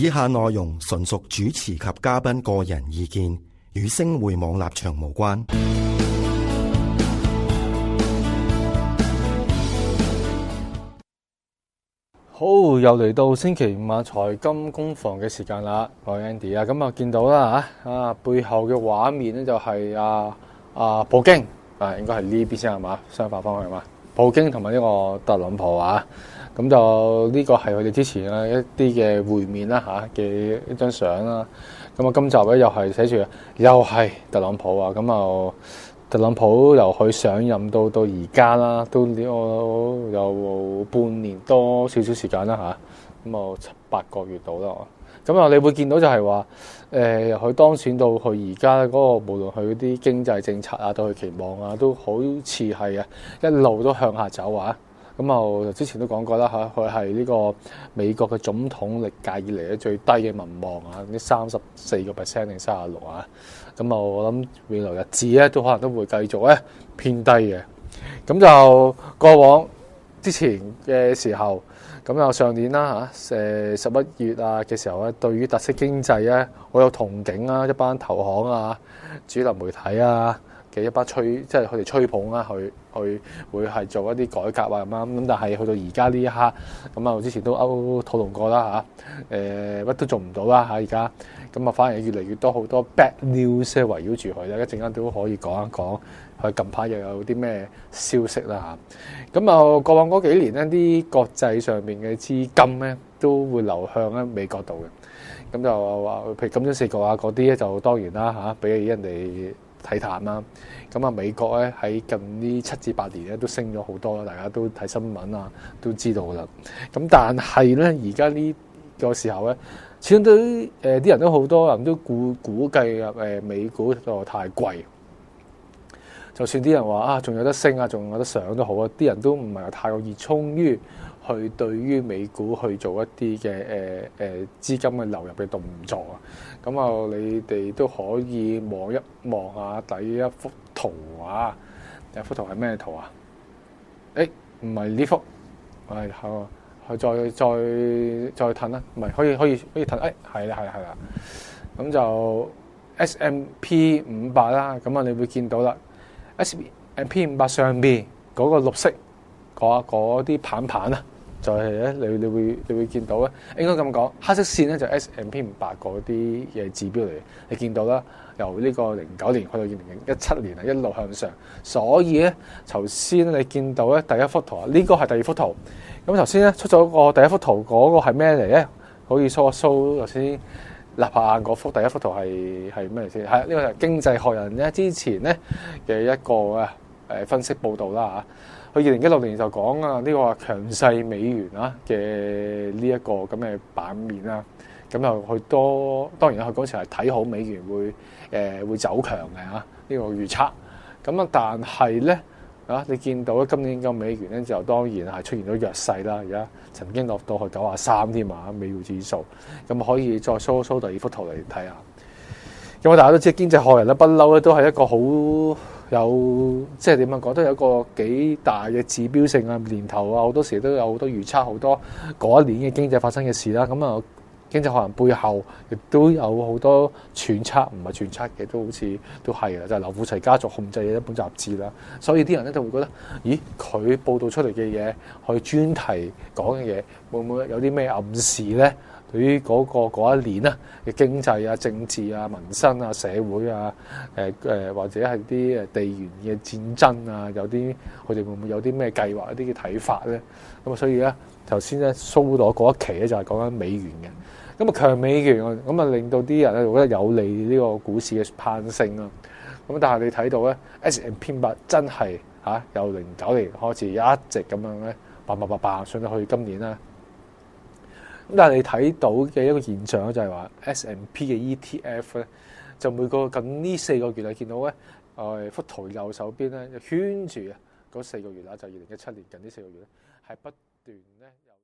以下內容純屬主持及嘉賓個人意見，與星匯網立場無關。好，又嚟到星期五晚財金工房嘅時間啦，我 Andy 啊，咁啊見到啦吓啊，背後嘅畫面咧就係、是、啊啊普京啊，應該係呢邊先係嘛，相反方向係嘛，普京同埋呢個特朗普啊。咁就呢個係佢哋之前一啲嘅會面啦嚇嘅一張相啦。咁啊，今集咧又係寫住又係特朗普啊。咁啊，特朗普由佢上任到到而家啦，都我有半年多少少時間啦吓，咁啊，七八個月到啦。咁啊，你會見到就係話誒由佢當選到佢而家嗰個，無論佢啲經濟政策啊，到佢期望啊，都好似係啊一路都向下走啊。咁啊，我之前都講過啦嚇，佢係呢個美國嘅總統歷屆以嚟咧最低嘅民望啊，呢三十四個 percent 定卅六啊，咁啊，我諗未來日子咧都可能都會繼續咧偏低嘅。咁就過往之前嘅時候，咁就上年啦嚇，誒十一月啊嘅時候咧，對於特式經濟咧，好有憧憬啊，一班投行啊、主流媒體啊。一班吹，即係佢哋吹捧啦，去去會係做一啲改革啊咁樣。咁但係去到而家呢一刻，咁啊之前都勾討論過啦嚇。誒，乜都做唔到啦嚇，而家咁啊，反而越嚟越多好多 bad news 咧圍繞住佢啦。一陣間都可以講一講，佢近排又有啲咩消息啦嚇。咁啊，過往嗰幾年呢啲國際上面嘅資金咧都會流向咧美國度嘅。咁就話，譬如咁樣四個啊，嗰啲就當然啦比俾人哋。睇淡啦，咁啊美國咧喺近呢七至八年咧都升咗好多啦，大家都睇新聞啊都知道噶啦。咁但係咧而家呢個時候咧，始終都誒啲人都好多人都估估計啊誒美股就太貴，就算啲人話啊仲有得升啊，仲有得上都好啊，啲人都唔係話太過熱衷於，去對於美股去做一啲嘅資金嘅流入嘅動作啊，咁啊，你哋都可以望一望下第一幅圖啊，哎，第一幅圖係咩圖啊？誒，唔係呢幅，我係後佢再再再褪啦，唔係可以可以可以褪，誒係啦係啦係啦，咁就 S&P 五百啦，咁啊你會見到啦，S&P 五百上邊嗰個綠色嗰嗰啲棒棒啊。就係咧，你你會你會見到咧，應該咁講，黑色線咧就 S&P 五百嗰啲嘅指標嚟，你見到啦。由呢個零九年去到二零一七年啊，一路向上。所以咧，頭先你見到咧第一幅圖啊，呢個係第二幅圖。咁頭先咧出咗個第一幅圖，嗰個係咩嚟咧？好似蘇蘇頭先立下眼嗰幅第一幅圖係係咩嚟先？係啊，呢個係經濟學人咧之前咧嘅一個啊。誒分析報導啦嚇，佢二零一六年就講啊，呢個強勢美元啊嘅呢一個咁嘅版面啦，咁又去多當然啦，佢嗰時係睇好美元會誒會走強嘅嚇，呢個預測。咁啊，但係咧啊，你見到今年嘅美元咧就當然係出現咗弱勢啦，而家曾經落到去九啊三添啊，美元指數。咁可以再 show show 第二幅圖嚟睇下。咁我大家都知經濟學人咧不嬲咧都係一個好。有即係點樣講都有一個幾大嘅指標性啊年頭啊，好多時都有好多預測，好多嗰一年嘅經濟發生嘅事啦。咁啊，經濟學人背後亦都有好多揣測，唔係揣測嘅都好似都係嘅，就係劉富齊家族控制嘅一本雜誌啦。所以啲人咧就會覺得，咦？佢報導出嚟嘅嘢，佢專題講嘅嘢，會唔會有啲咩暗示咧？對於嗰、那個嗰一年啊嘅經濟啊、政治啊、民生啊、社會啊、誒、呃、誒或者係啲誒地緣嘅戰爭啊，有啲佢哋會唔會有啲咩計劃、一啲嘅睇法咧？咁啊，所以咧頭先咧收咗嗰一期咧就係講緊美元嘅，咁啊強美元咁啊令到啲人咧覺得有利呢個股市嘅攀升咯、啊。咁但係你睇到咧 S and P 真係嚇、啊、由零九年開始一直咁樣咧，叭叭叭叭上到去今年咧。咁但係你睇到嘅一個現象咧，就係話 S＆P 嘅 ETF 咧，就每個近呢四個月你見到咧，誒、哎、幅圖右手邊咧，就圈住嗰四個月啦，就二零一七年近呢四個月咧，係不斷咧。